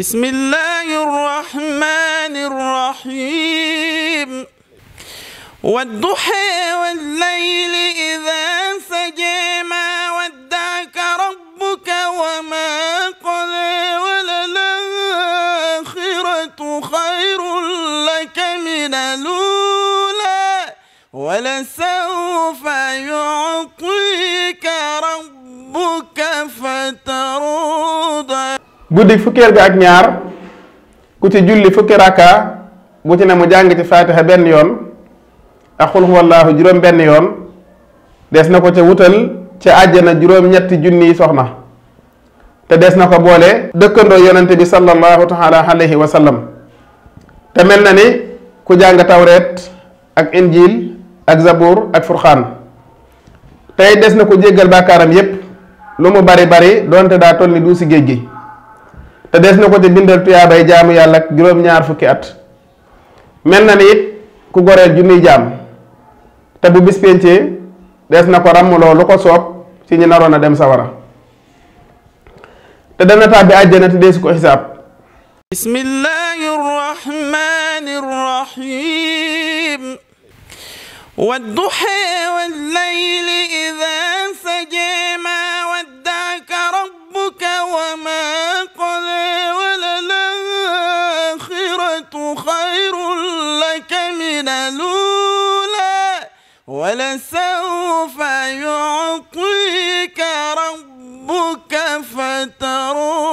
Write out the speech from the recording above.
بسم الله الرحمن الرحيم والضحى والليل إذا سجى ما ودعك ربك وما قلى وللآخرة خير لك من الأولى ولسوف يعطيك ربك فترضى guddi fukkeel ga ak ñaar ku ci julli fukki rakka bu ci ne mu jàng ci faatiha benn yoon ak xul wallaahu juróom benn yoon des na ko ca wutal ca àjjana juróom-ñetti junniy soxna te des na ko boole dëkkandoo yonente bi sallallahu taala alayhi wa te mel na ni ku jàng tawreet ak injil ak zabur ak furxaan tey des na ko jéggal bàkkaaram yépp lu mu bari bari donte daa toll ni duusi géej gi te des na ko ci bindal tuyaabay jaamu yàlla ak juróom-ñaar fukki at mel na ni ku goreel junniy jaam te bu bis pencee des na ko ràmmloo lu ko soob ci ñi naroon a dem sawara te dana tàbbi àjjana te deesu ko xisaab bismillahi rahmani rahim wadduha wallayli idha خير لك من الأولى ولسوف يعطيك ربك فترضى